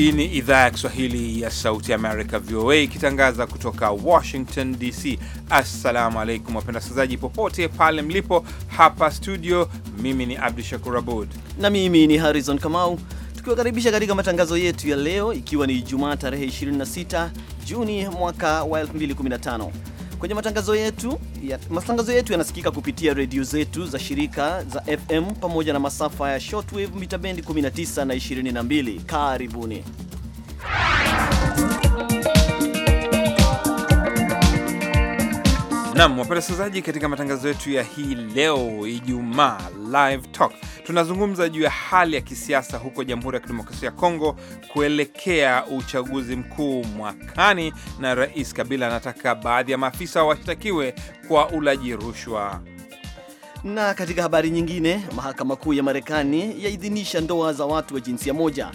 Hii ni idhaa ya Kiswahili ya Sauti Amerika, VOA, ikitangaza kutoka Washington DC. Assalamu alaikum wapenda wasikilizaji popote pale mlipo. Hapa studio, mimi ni Abdu Shakur Abud na mimi ni Harrison Kamau, tukiwakaribisha katika matangazo yetu ya leo, ikiwa ni Jumaa tarehe 26 Juni mwaka wa 2015 kwenye matangazo yetu ya, matangazo yetu yanasikika kupitia redio zetu za shirika za FM pamoja na masafa ya shortwave mita bendi 19 na 22. Karibuni. Nam waperesazaji, katika matangazo yetu ya hii leo Ijumaa Live Talk tunazungumza juu ya hali ya kisiasa huko Jamhuri ya Kidemokrasia ya Kongo kuelekea uchaguzi mkuu mwakani, na Rais Kabila anataka baadhi ya maafisa washtakiwe kwa ulaji rushwa. Na katika habari nyingine, mahakama kuu ya Marekani yaidhinisha ndoa za watu wa jinsia moja,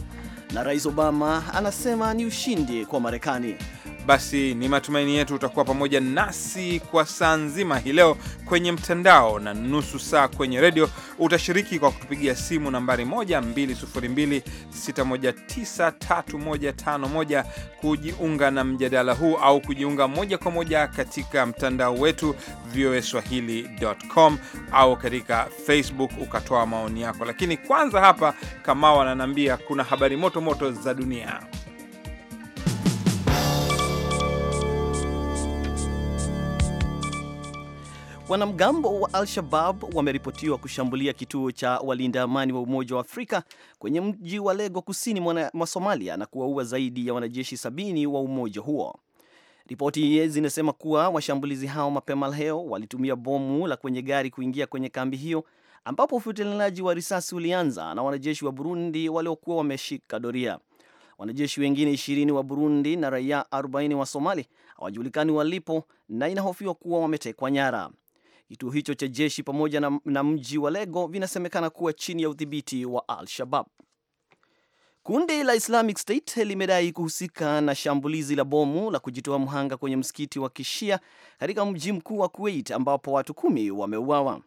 na Rais Obama anasema ni ushindi kwa Marekani. Basi ni matumaini yetu utakuwa pamoja nasi kwa saa nzima hii leo kwenye mtandao na nusu saa kwenye redio. Utashiriki kwa kutupigia simu nambari 12026193151 kujiunga na mjadala huu au kujiunga moja kwa moja katika mtandao wetu voa swahilicom au katika Facebook ukatoa maoni yako. Lakini kwanza hapa, Kamau ananiambia kuna habari moto moto za dunia. Wanamgambo wa Al-Shabab wameripotiwa kushambulia kituo cha walinda amani wa Umoja wa Afrika kwenye mji wa Lego kusini mwa Somalia na kuwaua zaidi ya wanajeshi sabini wa umoja huo. Ripoti zinasema kuwa washambulizi hao mapema leo walitumia bomu la kwenye gari kuingia kwenye kambi hiyo ambapo ufutilinaji wa risasi ulianza na wanajeshi wa Burundi waliokuwa wameshika doria. Wanajeshi wengine ishirini wa Burundi na raia 40 wa Somali hawajulikani walipo na inahofiwa kuwa wametekwa nyara. Kituo hicho cha jeshi pamoja na, na mji wa Lego vinasemekana kuwa chini ya udhibiti wa Al-Shabab. Kundi la Islamic State limedai kuhusika na shambulizi la bomu la kujitoa mhanga kwenye msikiti wa Kishia katika mji mkuu wa Kuwait ambapo watu kumi wameuawa.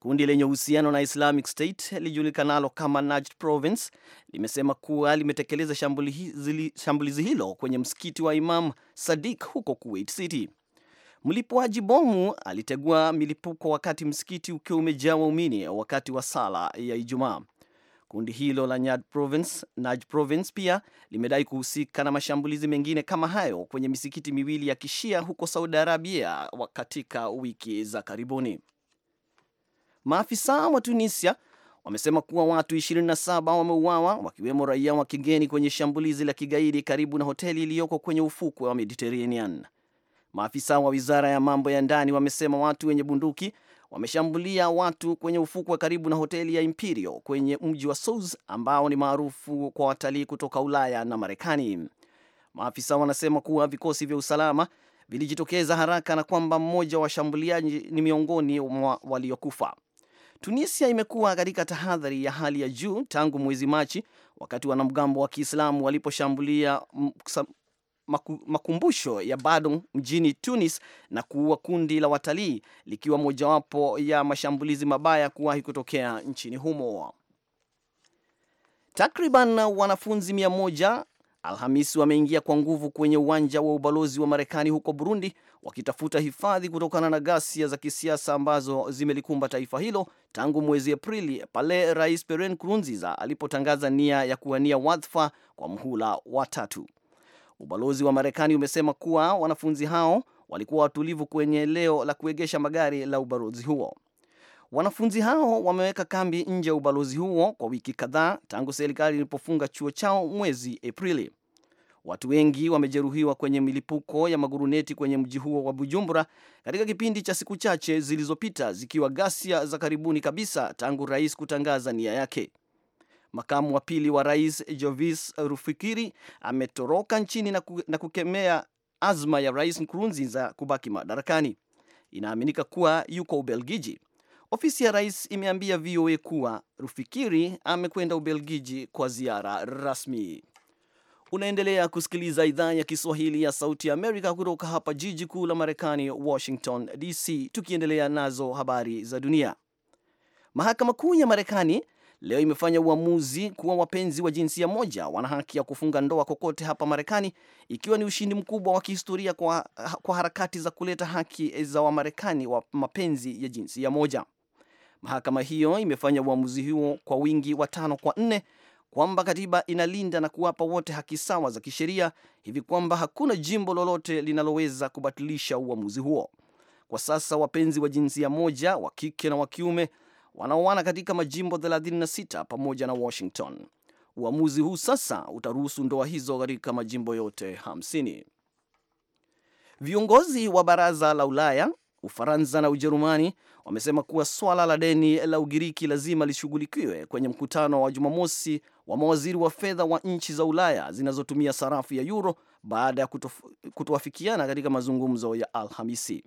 Kundi lenye uhusiano na Islamic State lijulikanalo kama Najd Province limesema kuwa limetekeleza shambulizi hilo kwenye msikiti wa Imam Sadiq huko Kuwait City. Mlipuaji bomu alitegua milipuko wakati msikiti ukiwa umejaa waumini wakati wa sala ya Ijumaa. Kundi hilo la Naj Province, Naj Province pia limedai kuhusika na mashambulizi mengine kama hayo kwenye misikiti miwili ya kishia huko Saudi Arabia katika wiki za karibuni. Maafisa wa Tunisia wamesema kuwa watu 27 wameuawa wakiwemo raia wa kigeni kwenye shambulizi la kigaidi karibu na hoteli iliyoko kwenye ufukwe wa Mediterranean. Maafisa wa wizara ya mambo ya ndani wamesema watu wenye bunduki wameshambulia watu kwenye ufukwe karibu na hoteli ya Imperial kwenye mji wa Sousse ambao ni maarufu kwa watalii kutoka Ulaya na Marekani. Maafisa wanasema kuwa vikosi vya usalama vilijitokeza haraka na kwamba mmoja wa washambuliaji ni miongoni mwa waliokufa. Tunisia imekuwa katika tahadhari ya hali ya juu tangu mwezi Machi wakati wanamgambo wa Kiislamu waliposhambulia maku, makumbusho ya Badung mjini Tunis na kuua kundi la watalii likiwa mojawapo ya mashambulizi mabaya kuwahi kutokea nchini humo. Takriban wanafunzi mia moja Alhamisi wameingia kwa nguvu kwenye uwanja wa ubalozi wa Marekani huko Burundi wakitafuta hifadhi kutokana na ghasia za kisiasa ambazo zimelikumba taifa hilo tangu mwezi Aprili pale Rais Pierre Nkurunziza alipotangaza nia ya kuwania wadhifa kwa mhula wa tatu. Ubalozi wa Marekani umesema kuwa wanafunzi hao walikuwa watulivu kwenye eneo la kuegesha magari la ubalozi huo. Wanafunzi hao wameweka kambi nje ya ubalozi huo kwa wiki kadhaa tangu serikali ilipofunga chuo chao mwezi Aprili. Watu wengi wamejeruhiwa kwenye milipuko ya maguruneti kwenye mji huo wa Bujumbura katika kipindi cha siku chache zilizopita, zikiwa ghasia za karibuni kabisa tangu rais kutangaza nia yake. Makamu wa pili wa rais Jovis Rufikiri ametoroka nchini na, ku, na kukemea azma ya rais Nkurunziza kubaki madarakani. Inaaminika kuwa yuko Ubelgiji. Ofisi ya rais imeambia VOA kuwa Rufikiri amekwenda Ubelgiji kwa ziara rasmi. Unaendelea kusikiliza idhaa ya Kiswahili ya Sauti ya Amerika kutoka hapa jiji kuu la Marekani, Washington DC. Tukiendelea nazo habari za dunia, mahakama kuu ya Marekani leo imefanya uamuzi kuwa wapenzi wa jinsia moja wana haki ya kufunga ndoa kokote hapa Marekani, ikiwa ni ushindi mkubwa wa kihistoria kwa, kwa harakati za kuleta haki za Wamarekani wa mapenzi ya jinsia moja. Mahakama hiyo imefanya uamuzi huo kwa wingi wa tano kwa nne kwamba katiba inalinda na kuwapa wote haki sawa za kisheria hivi kwamba hakuna jimbo lolote linaloweza kubatilisha uamuzi huo. Kwa sasa wapenzi wa jinsia moja wa kike na wa kiume wanaoana katika majimbo 36 pamoja na Washington. Uamuzi huu sasa utaruhusu ndoa hizo katika majimbo yote 50. Viongozi wa Baraza la Ulaya, Ufaransa na Ujerumani wamesema kuwa swala la deni la Ugiriki lazima lishughulikiwe kwenye mkutano wa Jumamosi wa mawaziri wa fedha wa nchi za Ulaya zinazotumia sarafu ya euro baada ya kutoafikiana katika mazungumzo ya Alhamisi.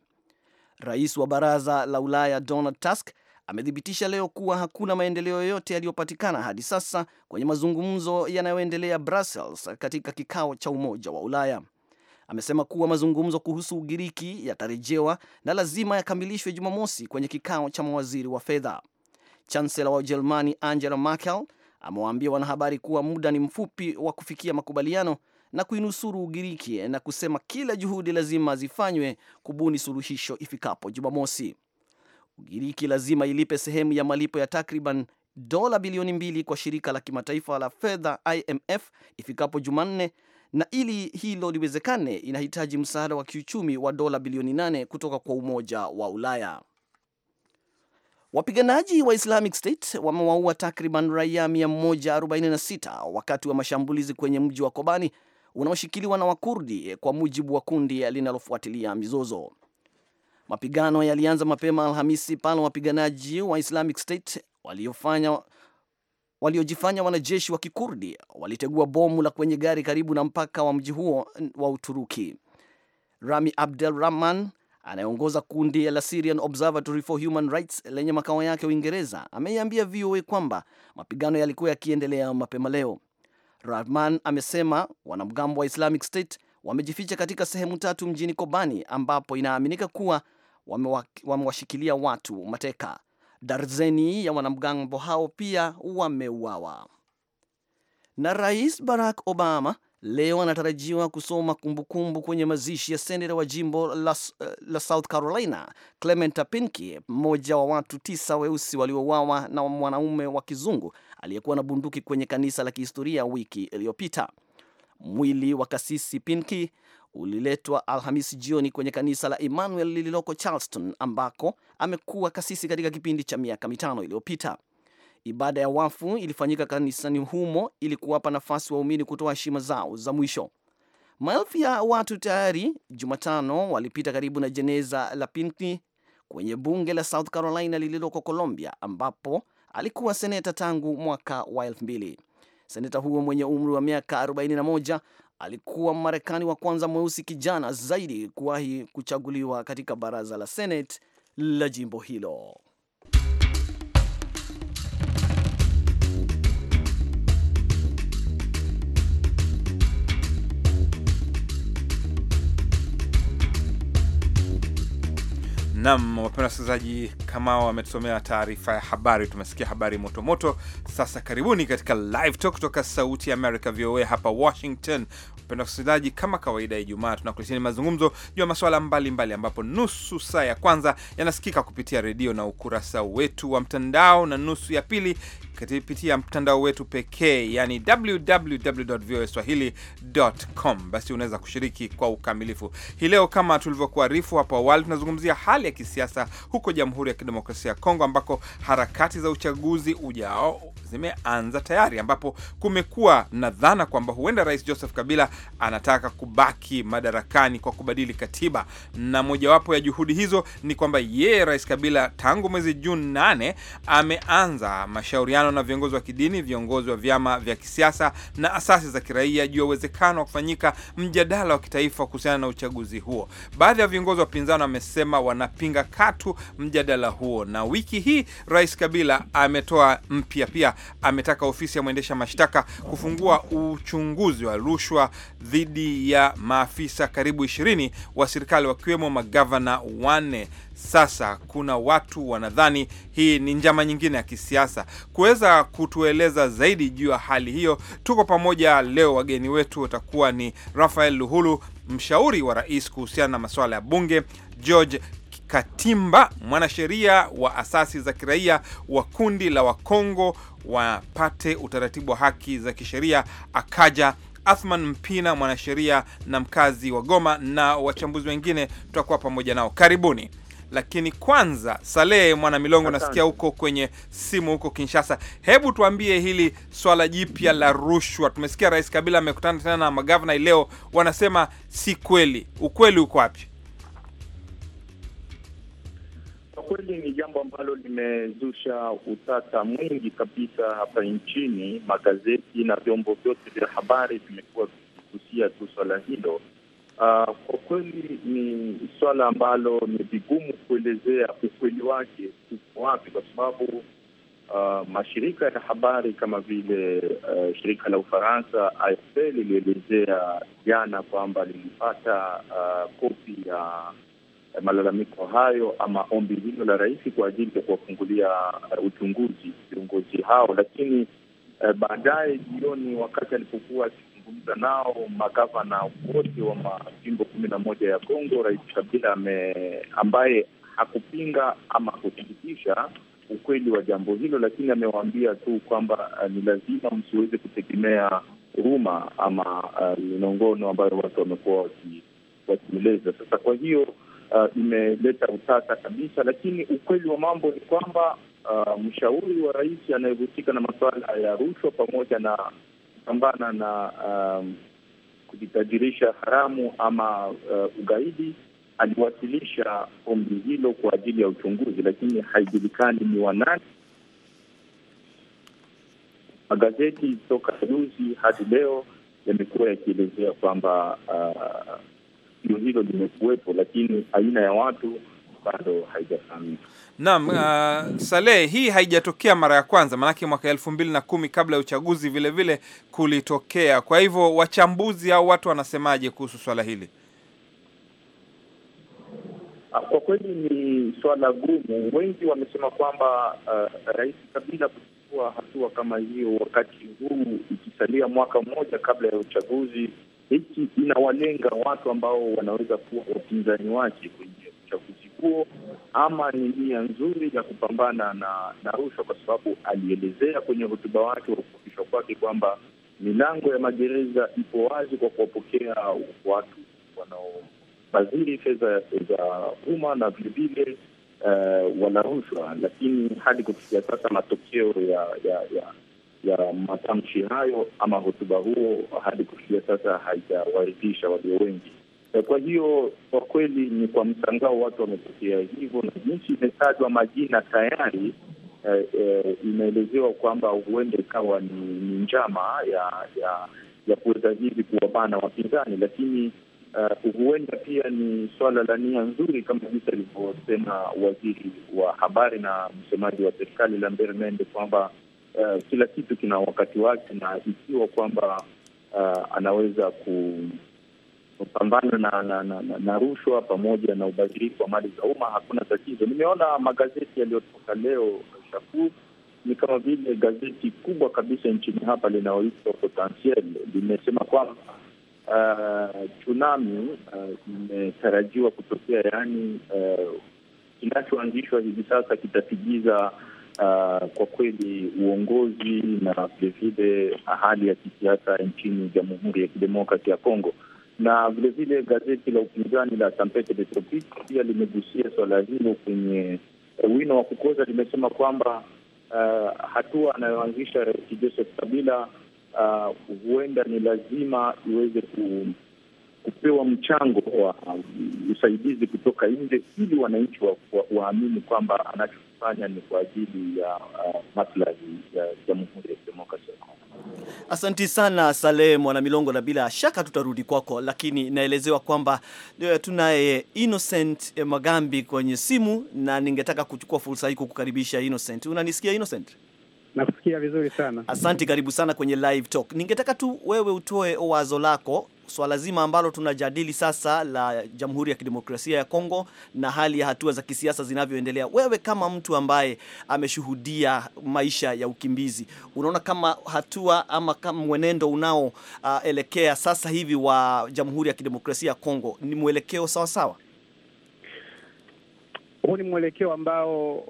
Rais wa Baraza la Ulaya Donald Tusk amethibitisha leo kuwa hakuna maendeleo yoyote yaliyopatikana hadi sasa kwenye mazungumzo yanayoendelea Brussels katika kikao cha Umoja wa Ulaya. Amesema kuwa mazungumzo kuhusu Ugiriki yatarejewa na lazima yakamilishwe Jumamosi kwenye kikao cha mawaziri wa fedha. Chansela wa Ujerumani Angela Merkel amewaambia wanahabari kuwa muda ni mfupi wa kufikia makubaliano na kuinusuru Ugiriki na kusema kila juhudi lazima zifanywe kubuni suluhisho ifikapo Jumamosi. Ugiriki lazima ilipe sehemu ya malipo ya takriban dola bilioni mbili kwa shirika la kimataifa la fedha IMF ifikapo Jumanne, na ili hilo liwezekane, inahitaji msaada wa kiuchumi wa dola bilioni nane kutoka kwa Umoja wa Ulaya. Wapiganaji wa Islamic State wamewaua takriban raia 146 wakati wa mashambulizi kwenye mji wa Kobani unaoshikiliwa na Wakurdi, kwa mujibu wa kundi linalofuatilia mizozo. Mapigano yalianza mapema Alhamisi pale wapiganaji wa Islamic State waliofanya waliojifanya wanajeshi wa Kikurdi walitegua bomu la kwenye gari karibu na mpaka wa mji huo wa Uturuki. Rami Abdel Rahman anayeongoza kundi la Syrian Observatory for Human Rights lenye makao yake Uingereza ameiambia VOA kwamba mapigano yalikuwa yakiendelea mapema leo. Rahman amesema wanamgambo wa Islamic State wamejificha katika sehemu tatu mjini Kobani ambapo inaaminika kuwa wamewashikilia watu mateka. Darzeni ya wanamgambo hao pia wameuawa. Na Rais Barack Obama leo anatarajiwa kusoma kumbukumbu kumbu kwenye mazishi ya seneta wa jimbo la, eh, la South Carolina Clementa Pinky, mmoja wa watu tisa weusi waliouawa na mwanaume wa kizungu aliyekuwa na bunduki kwenye kanisa la kihistoria wiki iliyopita. Mwili wa kasisi Pinky uliletwa Alhamisi jioni kwenye kanisa la Emmanuel lililoko Charleston, ambako amekuwa kasisi katika kipindi cha miaka mitano iliyopita. Ibada ya wafu ilifanyika kanisani humo ili kuwapa nafasi waumini kutoa heshima zao za mwisho. Maelfu ya watu tayari Jumatano walipita karibu na jeneza la Pinckney kwenye bunge la South Carolina lililoko Colombia, ambapo alikuwa seneta tangu mwaka wa 2000. Seneta huo mwenye umri wa miaka 41 alikuwa marekani wa kwanza mweusi kijana zaidi kuwahi kuchaguliwa katika baraza la Senate la jimbo hilo. Nam, wapenda wasikilizaji, kama wametusomea taarifa ya habari, tumesikia habari motomoto moto. Sasa karibuni katika live talk kutoka Sauti ya America, VOA hapa Washington. Wapenda wasikilizaji, kama kawaida ya Ijumaa tunakuleteni mazungumzo juu ya masuala mbalimbali, ambapo nusu saa ya kwanza yanasikika kupitia redio na ukurasa wetu wa mtandao na nusu ya pili kupitia mtandao wetu pekee, yani swahili.com. Basi unaweza kushiriki kwa ukamilifu hii leo. Kama tulivyokuarifu hapo awali, tunazungumzia hali ya kisiasa huko Jamhuri ya Kidemokrasia ya Kongo, ambako harakati za uchaguzi ujao zimeanza tayari, ambapo kumekuwa na dhana kwamba huenda Rais Joseph Kabila anataka kubaki madarakani kwa kubadili katiba, na mojawapo ya juhudi hizo ni kwamba yeye Rais Kabila tangu mwezi Juni nane ameanza mashauriano na viongozi wa kidini, viongozi wa vyama vya kisiasa na asasi za kiraia juu ya uwezekano wa kufanyika mjadala wa kitaifa kuhusiana na uchaguzi huo. Baadhi ya viongozi wa upinzani wamesema wanap kupinga katu mjadala huo. Na wiki hii Rais Kabila ametoa mpya pia, ametaka ofisi ya mwendesha mashtaka kufungua uchunguzi wa rushwa dhidi ya maafisa karibu ishirini wa serikali wakiwemo magavana wanne. Sasa kuna watu wanadhani hii ni njama nyingine ya kisiasa. Kuweza kutueleza zaidi juu ya hali hiyo, tuko pamoja leo, wageni wetu watakuwa ni Rafael Luhulu, mshauri wa rais kuhusiana na masuala ya bunge, George Katimba, mwanasheria wa asasi za kiraia wa kundi la Wakongo wapate utaratibu wa haki za kisheria akaja Athman Mpina, mwanasheria na mkazi wa Goma, na wachambuzi wengine tutakuwa pamoja nao. Karibuni. Lakini kwanza, Salehe Mwana Milongo, nasikia huko kwenye simu huko Kinshasa. Hebu tuambie hili swala jipya la rushwa. Tumesikia Rais Kabila amekutana tena na magavana leo, wanasema si kweli. Ukweli uko wapi? kweli ni jambo ambalo limezusha utata mwingi kabisa hapa nchini. Magazeti na vyombo vyote vya habari vimekuwa vikigusia tu swala hilo. Uh, kwa kweli ni swala ambalo ni vigumu kuelezea ukweli wake uko wapi, kwa sababu uh, mashirika ya habari kama vile uh, shirika la Ufaransa AFP lilielezea jana kwamba lilipata uh, ah, kopi ya uh, Eh, malalamiko hayo ama ombi hilo la rais kwa ajili ya kuwafungulia eh, uchunguzi viongozi hao, lakini eh, baadaye jioni, wakati alipokuwa akizungumza nao magavana wote wa majimbo kumi na moja ya Kongo, Rais Kabila ame, ambaye hakupinga ama kuthibitisha ukweli wa jambo hilo, lakini amewaambia tu kwamba eh, ni lazima msiweze kutegemea huruma ama uh, minongono ambayo watu wamekuwa wakieleza sasa. Kwa hiyo uh, imeleta utata kabisa, lakini ukweli wa mambo ni kwamba uh, mshauri wa rais anayehusika na masuala ya rushwa pamoja na kupambana na um, kujitajirisha haramu ama uh, ugaidi aliwasilisha ombi hilo kwa ajili ya uchunguzi, lakini haijulikani ni wanani. Magazeti toka juzi hadi leo yamekuwa yakielezea kwamba uh, tukio hilo limekuwepo, lakini aina ya watu bado haijafahamika. Naam, uh, Saleh, hii haijatokea mara ya kwanza, maanake mwaka elfu mbili na kumi kabla ya uchaguzi vile vile kulitokea. Kwa hivyo wachambuzi au watu wanasemaje kuhusu swala hili? Ah, kwa kweli ni swala gumu. Wengi wamesema kwamba uh, Rais Kabila kuchukua hatua kama hiyo wakati huu ikisalia mwaka mmoja kabla ya uchaguzi hiki inawalenga watu ambao wanaweza kuwa wapinzani wake kwenye uchaguzi huo, ama ni nia nzuri ya kupambana na, na rushwa, kwa sababu alielezea kwenye hotuba wake wa kuapishwa kwake kwamba milango ya magereza ipo wazi kwa kuwapokea watu wanaobadhiri fedha za umma na vilevile uh, eh, wanarushwa. Lakini hadi kufikia sasa matokeo ya, ya, ya ya matamshi hayo ama hotuba huo hadi kufikia sasa haijawaridhisha walio wengi. E, kwa hiyo kwa kweli ni kwa mshangao watu wamepokea hivyo, na jinsi imetajwa majina tayari eh, eh, imeelezewa kwamba huenda ikawa ni, ni njama ya ya, ya kuweza hivi kuwabana wapinzani, lakini uh, huenda pia ni swala la nia nzuri kama jinsi alivyosema waziri wa habari na msemaji wa serikali Lambert Mende kwamba uh, kila kitu kina wakati wake, na ikiwa kwamba uh, anaweza kupambana na, na, na, na, na rushwa pamoja na ubadhirifu wa mali za umma, hakuna tatizo. Nimeona magazeti yaliyotoka leo Shafuu, ni kama vile gazeti kubwa kabisa nchini hapa linaloitwa Potentiel limesema kwamba uh, tsunami imetarajiwa uh, kutokea, yaani uh, kinachoanzishwa hivi sasa kitapigiza Uh, kwa kweli uongozi na vilevile hali ya kisiasa nchini Jamhuri ya Kidemokrasi ya Kongo na vilevile gazeti la upinzani la Tempete des Tropiques pia limegusia suala hilo kwenye wino wa kukoza. Limesema kwamba uh, hatua anayoanzisha Rais Joseph Kabila uh, huenda ni lazima iweze ku, kupewa mchango wa usaidizi kutoka nje ili wananchi waamini wa, wa kwamba anacho tunalifanya ni kwa ajili ya uh, maslahi ya Jamhuri ya Kidemokrasia. Asanti sana Saleh Mwanamilongo, na bila shaka tutarudi kwako, lakini naelezewa kwamba eh, tunaye Innocent eh, Magambi kwenye simu, na ningetaka kuchukua fursa hii kukukaribisha Innocent. Unanisikia Innocent? Nakusikia vizuri sana. Asanti, karibu sana kwenye live talk. Ningetaka tu wewe utoe wazo lako swala zima ambalo tunajadili sasa la Jamhuri ya Kidemokrasia ya Kongo na hali ya hatua za kisiasa zinavyoendelea, wewe kama mtu ambaye ameshuhudia maisha ya ukimbizi, unaona kama hatua ama kama mwenendo unaoelekea uh, sasa hivi wa Jamhuri ya Kidemokrasia ya Kongo ni mwelekeo sawasawa? Huu ni mwelekeo ambao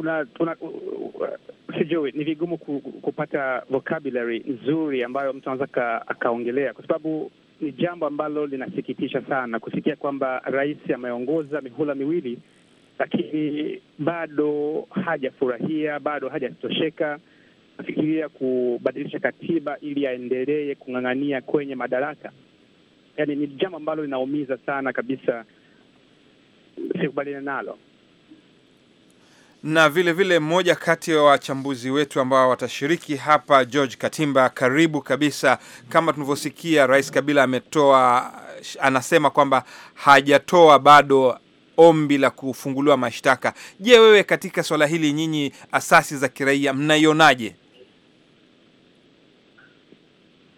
kuna una, uh, sijui ni vigumu kupata vocabulary nzuri ambayo mtu anaweza akaongelea, kwa sababu ni jambo ambalo linasikitisha sana kusikia kwamba rais ameongoza mihula miwili, lakini bado hajafurahia, bado hajatosheka nafikiria kubadilisha katiba ili aendelee kung'ang'ania kwenye madaraka. Yani ni jambo ambalo linaumiza sana kabisa, sikubaliana nalo na vile vile mmoja kati ya wa wachambuzi wetu ambao watashiriki hapa George Katimba. Karibu kabisa. Kama tunavyosikia, Rais Kabila ametoa anasema kwamba hajatoa bado ombi la kufunguliwa mashtaka. Je, wewe katika swala hili nyinyi asasi za kiraia mnaionaje?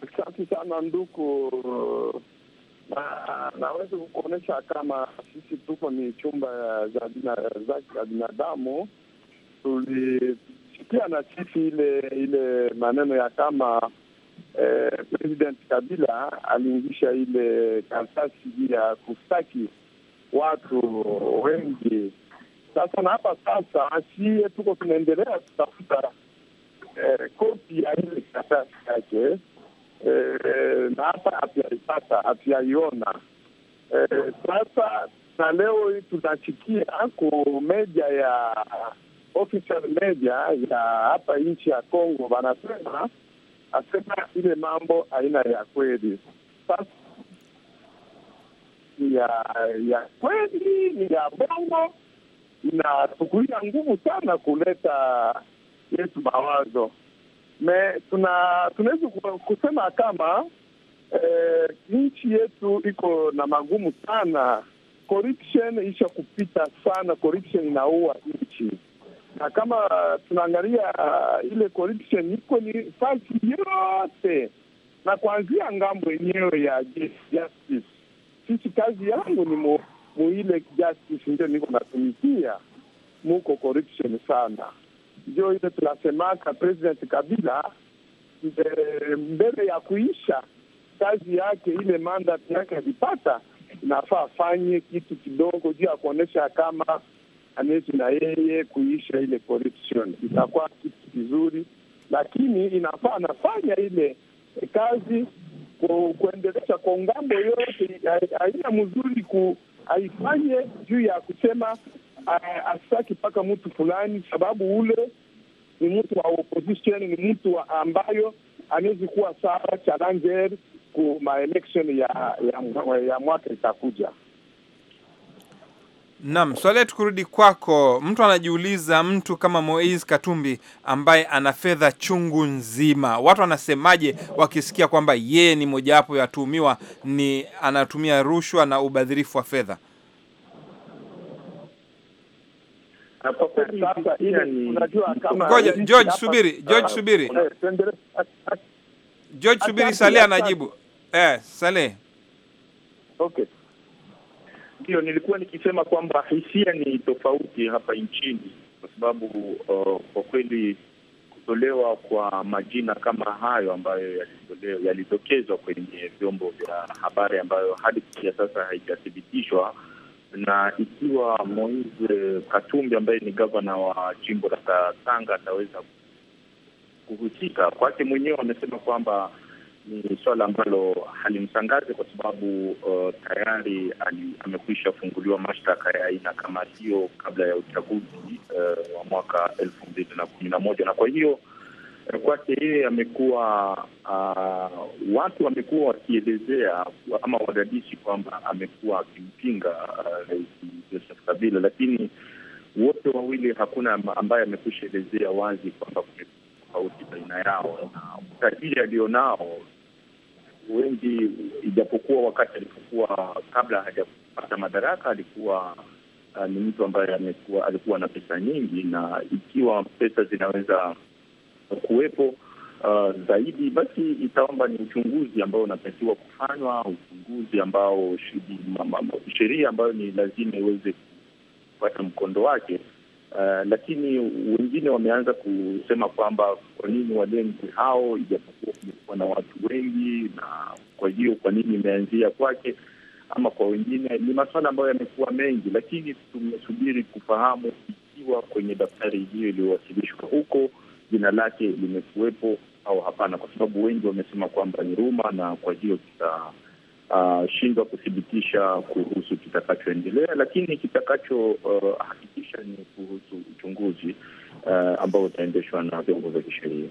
Asante sana nduku na ah, naweza kukuonyesha kama sisi tuko ni chumba za zaki za binadamu. Tulisikia na sisi ile ile maneno ya kama eh, President Kabila aliingisha ile karatasi ya kustaki watu wengi. Sasa na hapa sasa sie tuko tunaendelea kutafuta eh, kopi ya ile karatasi yake na hata hatuyaipata, hatuyaiona eh, sasa. Na leo hii tunasikia ku media ya official media ya hapa nchi ya Congo, wanasema asema ile mambo aina ya kweli. Sasa ya ya kweli ni ya bongo inatukuia nguvu sana kuleta yetu mawazo me tuna tunaweza kusema kama eh, nchi yetu iko na magumu sana. Corruption isha kupita sana, corruption inaua nchi, na kama tunaangalia uh, ile corruption iko ni fasi yote, na kuanzia ngambo yenyewe ya justice. Sisi kazi yangu ni mu, mu ile justice ndio niko natumikia, muko corruption sana ndio ile tunasemaka President Kabila eh, mbele ya kuisha kazi yake ile mandate yake alipata, inafaa afanye kitu kidogo juu ya kuonyesha kama anezi na yeye kuisha ile corruption, itakuwa kitu kizuri, lakini inafaa anafanya ile eh, kazi kuendelesha kwa ngambo yote, haina eh, mzuri ku haifanye juu ya kusema Ah, asaki mpaka mtu fulani, sababu ule ni mtu wa opposition, ni mtu ambayo anawezi kuwa sawa challenger ku maelection ya, ya, ya mwaka itakuja. Naam, swali letu kurudi kwako, mtu anajiuliza, mtu kama Moise Katumbi ambaye ana fedha chungu nzima, watu wanasemaje wakisikia kwamba yeye ni mojawapo ya watuhumiwa ni anatumia rushwa na ubadhirifu wa fedha? ngoja George subiri George subiri George subiri Saleh anajibu eh Saleh okay ndio nilikuwa nikisema kwamba hisia ni tofauti hapa nchini kwa sababu uh, kwa kweli kutolewa kwa majina kama hayo ambayo yalitokezwa kwenye vyombo vya habari ambayo hadi kufikia sasa haijathibitishwa na ikiwa Moise Katumbi ambaye ni gavana wa jimbo la Katanga ataweza kuhusika, kwake mwenyewe amesema kwamba ni swala ambalo halimsangazi kwa sababu uh, tayari amekwisha funguliwa mashtaka ya aina kama hiyo kabla ya uchaguzi uh, wa mwaka elfu mbili na kumi na moja na kwa hiyo kwake yeye amekuwa uh, watu wamekuwa wakielezea ama wadadisi kwamba amekuwa akimpinga uh, Joseph Kabila, lakini wote wawili hakuna ambaye amekwisha elezea wazi kwamba kuna tofauti baina yao na utajiri alionao wengi, ijapokuwa wakati alipokuwa kabla hajapata madaraka alikuwa uh, ni mtu ambaye amekuwa alikuwa na pesa nyingi, na ikiwa pesa zinaweza kuwepo uh, zaidi, basi itaomba ni uchunguzi ambao unatakiwa kufanywa, uchunguzi ambao sheria ambayo ni lazima iweze kupata mkondo wake. Uh, lakini wengine wameanza kusema kwamba kwa nini walengwe hao, ijapokuwa kumekuwa na watu wengi, na kwa hiyo kwa nini imeanzia kwake ama kwa wengine. Ni masuala ambayo yamekuwa mengi, lakini tumesubiri kufahamu ikiwa kwenye daftari hiyo iliyowasilishwa huko jina lake limekuwepo au hapana, kwa sababu wengi wamesema kwamba ni ruma, na kwa hiyo kitashindwa ah, uh, kuthibitisha kuhusu kitakachoendelea, lakini kitakachohakikisha uh, ni kuhusu uchunguzi uh, ambao utaendeshwa na vyombo vya kisheria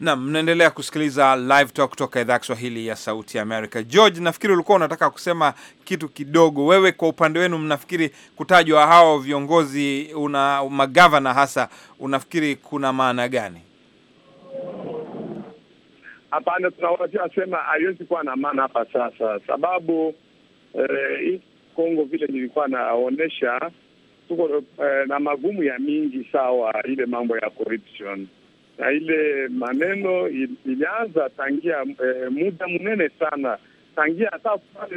nam mnaendelea kusikiliza Live Talk kutoka idhaa ya Kiswahili ya Sauti ya Amerika. George, nafikiri ulikuwa unataka kusema kitu kidogo. Wewe kwa upande wenu, mnafikiri kutajwa hao viongozi una magavana hasa, unafikiri kuna maana gani? Hapana, tunawatia sema haiwezi kuwa na maana hapa sasa, sababu eh, Kongo vile nilikuwa naonyesha tuko eh, na magumu ya mingi sawa, ile mambo ya corruption na ile maneno ilianza tangia e, muda mnene sana tangia hata pale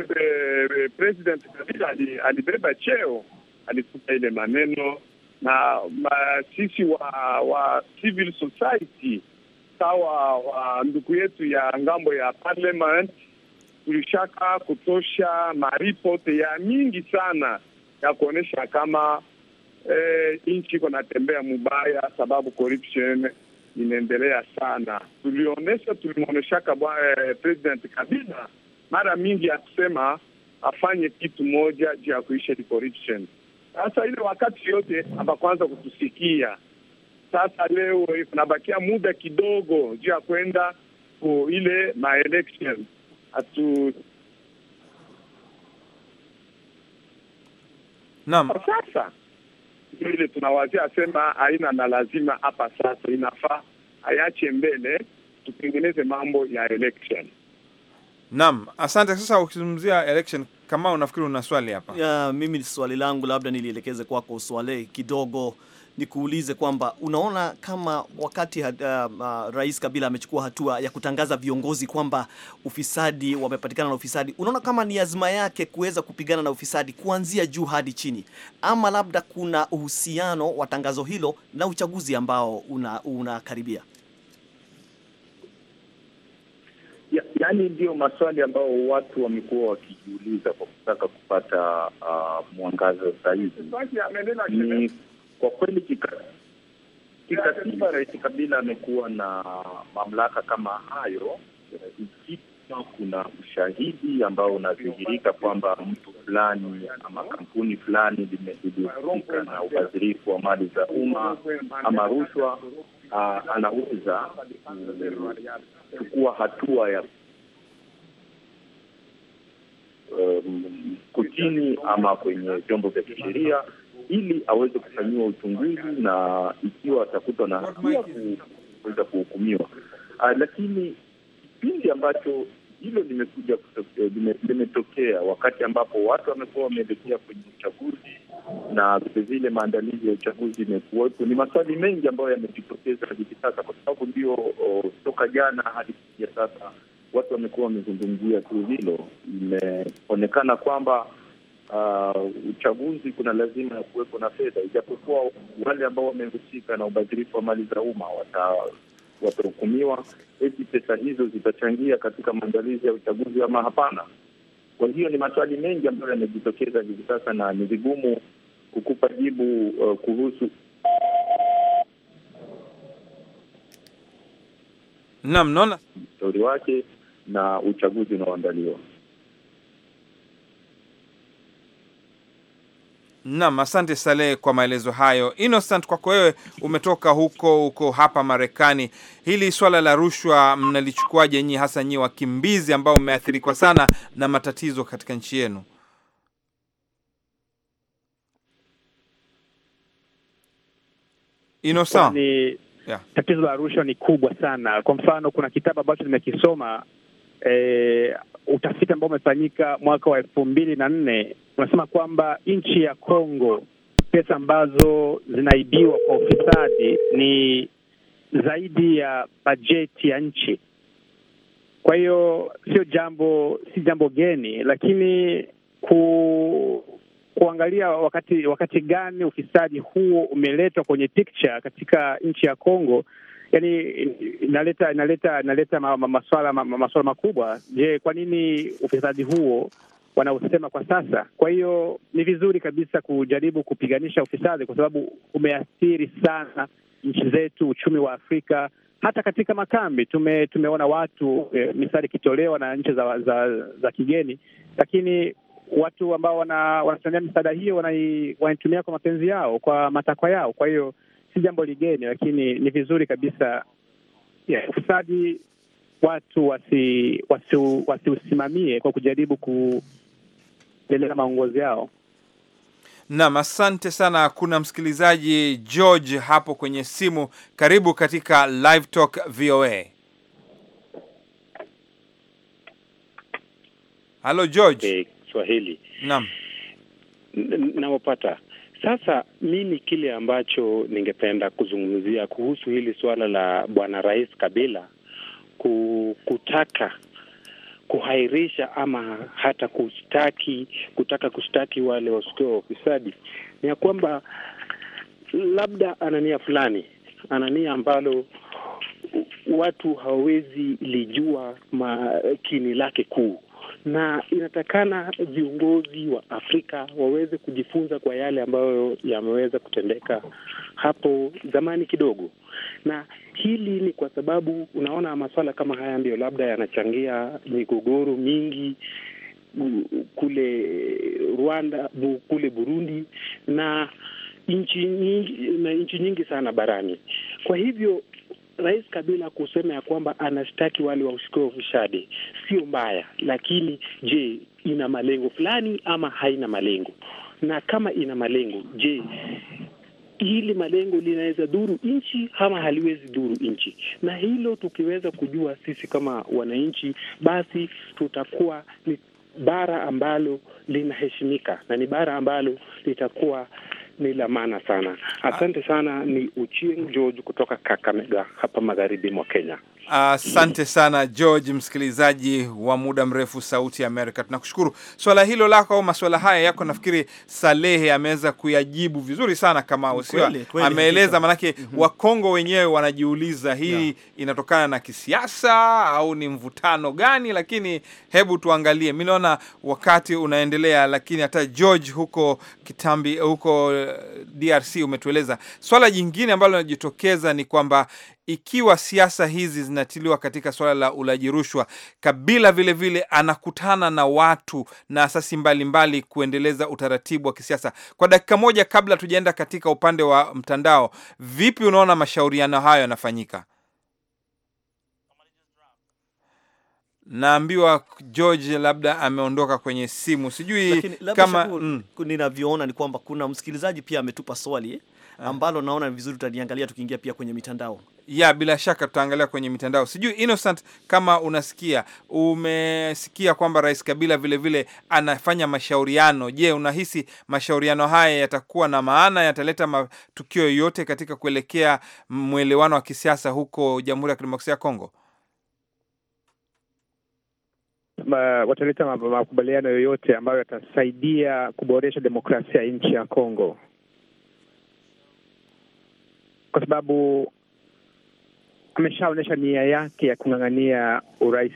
e, President Kabila alibeba cheo alikuta ile maneno na ma, sisi wa wa civil society sawa wa ndugu yetu ya ngambo ya parliament tulishaka kutosha maripote ya mingi sana ya kuonyesha kama e, nchi iko natembea mubaya, sababu corruption inaendelea sana. Tulionyesha, tulimwonyeshaka eh, President Kabila mara mingi akisema afanye kitu moja juu ya kuisha the corruption. Sasa ile wakati yote abakwanza kutusikia. Sasa leo kunabakia muda kidogo juu ya kwenda ku ile election atu Naam. Sasa vile tunawazia sema haina na lazima hapa sasa, inafaa ayache mbele, tutengeneze mambo ya election. Naam, asante. Sasa ukizungumzia election kama unafikiri una swali hapa Yeah, mimi swali langu labda nilielekeze kwako Swale kidogo nikuulize kwamba unaona kama wakati uh, uh, Rais Kabila amechukua hatua ya kutangaza viongozi kwamba ufisadi wamepatikana na ufisadi, unaona kama ni azma yake kuweza kupigana na ufisadi kuanzia juu hadi chini, ama labda kuna uhusiano wa tangazo hilo na uchaguzi ambao unakaribia? una ya, yaani ndio maswali ambayo watu wamekuwa wakijiuliza kwa kutaka kupata uh, mwangaza zaidi ni kwa kweli kikatiba, Rais Kabila amekuwa na mamlaka kama hayo eh, ikiwa kuna ushahidi ambao unadhihirika kwamba mtu fulani ama kampuni fulani limehusika na ubadhirifu wa mali za umma ama rushwa, ah, anaweza kuchukua hatua ya um, eh, kotini ama kwenye vyombo vya kisheria ili aweze kufanyiwa uchunguzi na ikiwa atakutwa na hatia kuweza kuhukumiwa. Uh, lakini kipindi ambacho hilo limekuja eh, limetokea wakati ambapo watu wamekuwa wameelekea kwenye uchaguzi na vilevile maandalizi ya uchaguzi imekuwepo, ni maswali mengi ambayo yamejitokeza hivi sasa, kwa sababu ndio oh, toka jana hadi kufikia sasa watu wamekuwa wamezungumzia tu hilo. Imeonekana kwamba Uh, uchaguzi kuna lazima ya kuwepo na fedha, ijapokuwa wale ambao wamehusika na ubadhirifu wa mali za umma watahukumiwa eti pesa hizo zitachangia katika maandalizi ya uchaguzi ama hapana. Kwa hiyo ni maswali mengi ambayo yamejitokeza hivi sasa na ni vigumu kukupa jibu uh, kuhusu naam, naona mshauri wake na uchaguzi unaoandaliwa. nam asante Saleh kwa maelezo hayo. Innocent, kwako wewe, umetoka huko huko hapa Marekani, hili swala la rushwa mnalichukuaje nyi, hasa nyi wakimbizi ambao mmeathirikwa sana na matatizo katika nchi yenu? Innocent, yeah. Tatizo la rushwa ni kubwa sana. Kwa mfano kuna kitabu ambacho nimekisoma eh, utafiti ambao umefanyika mwaka wa elfu mbili na nne unasema kwamba nchi ya Kongo pesa ambazo zinaibiwa kwa ufisadi ni zaidi ya bajeti ya nchi. Kwa hiyo sio jambo si jambo geni, lakini ku, kuangalia wakati wakati gani ufisadi huo umeletwa kwenye picture katika nchi ya Kongo yani inaleta inaleta inaleta maswala ma, makubwa. Je, kwa nini ufisadi huo wanaosema kwa sasa? Kwa hiyo ni vizuri kabisa kujaribu kupiganisha ufisadi, kwa sababu umeathiri sana nchi zetu, uchumi wa Afrika. Hata katika makambi tume, tumeona watu e, eh, misari ikitolewa na nchi za, za, za kigeni, lakini watu ambao wanatumia wana misaada hiyo wanaitumia kwa mapenzi yao, kwa matakwa yao, kwa hiyo si jambo ligeni, lakini ni vizuri kabisa yeah, ufisadi watu wasi, wasi, wasiusimamie kwa kujaribu kuendeleza maongozi yao. Nam, asante sana. Kuna msikilizaji George hapo kwenye simu. Karibu katika Live Talk VOA. Halo George. Hey, eh, Swahili. Naam, nawapata sasa mimi kile ambacho ningependa kuzungumzia kuhusu hili suala la bwana Rais Kabila kutaka kuhairisha ama hata kustaki kutaka kustaki wale washukiwa wa ufisadi ni ya kwamba labda ana nia fulani, ana nia ambalo watu hawawezi lijua makini lake kuu na inatakana viongozi wa Afrika waweze kujifunza kwa yale ambayo yameweza kutendeka hapo zamani kidogo, na hili ni kwa sababu unaona masuala kama haya ndiyo labda yanachangia migogoro mingi kule Rwanda, kule Burundi na nchi nyingi na nchi nyingi sana barani. Kwa hivyo Rais Kabila kusema ya kwamba anashtaki wale wa ufisadi sio mbaya, lakini je, ina malengo fulani ama haina malengo? Na kama ina malengo, je hili malengo linaweza dhuru nchi ama haliwezi dhuru nchi? Na hilo tukiweza kujua sisi kama wananchi, basi tutakuwa ni bara ambalo linaheshimika na ni bara ambalo litakuwa ni la maana sana. Asante sana. Ni Uchieng George kutoka Kakamega hapa magharibi mwa Kenya. Asante uh, sana George, msikilizaji wa muda mrefu Sauti ya Amerika, tunakushukuru. Swala hilo lako, au maswala haya yako, nafikiri Salehe ameweza kuyajibu vizuri sana, kama usio ameeleza, maanake mm -hmm. Wakongo wenyewe wanajiuliza hii yeah. inatokana na kisiasa au ni mvutano gani? Lakini hebu tuangalie, mi naona wakati unaendelea, lakini hata George huko Kitambi, huko eh, DRC umetueleza swala jingine ambalo linajitokeza ni kwamba ikiwa siasa hizi zinatiliwa katika suala la ulaji rushwa. Kabila vilevile vile anakutana na watu na asasi mbalimbali mbali kuendeleza utaratibu wa kisiasa. Kwa dakika moja, kabla tujaenda katika upande wa mtandao, vipi unaona mashauriano hayo yanafanyika? Naambiwa George labda ameondoka kwenye simu, sijui kama mm. ninavyoona mm. Ni kwamba kuna msikilizaji pia ametupa swali eh? Eh. ambalo naona vizuri tutaliangalia tukiingia pia kwenye mitandao ya bila shaka tutaangalia kwenye mitandao. Sijui Innocent, kama unasikia, umesikia kwamba Rais Kabila vilevile vile anafanya mashauriano. Je, unahisi mashauriano haya yatakuwa na maana, yataleta matukio yoyote katika kuelekea mwelewano wa kisiasa huko Jamhuri ya Kidemokrasia ya Kongo? Ma, wataleta makubaliano yoyote ambayo yatasaidia kuboresha demokrasia ya nchi ya Kongo kwa sababu ameshaonyesha nia yake ya kung'ang'ania urais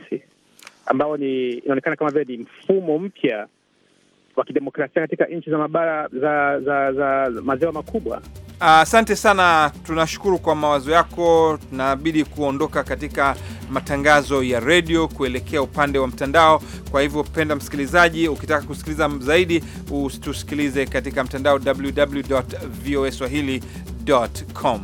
ambao ni inaonekana kama vile ni mfumo mpya wa kidemokrasia katika nchi za mabara za za, za, za maziwa makubwa. Asante uh, sana. Tunashukuru kwa mawazo yako. Tunabidi kuondoka katika matangazo ya redio kuelekea upande wa mtandao. Kwa hivyo, penda msikilizaji, ukitaka kusikiliza zaidi, usitusikilize katika mtandao swahili dot com.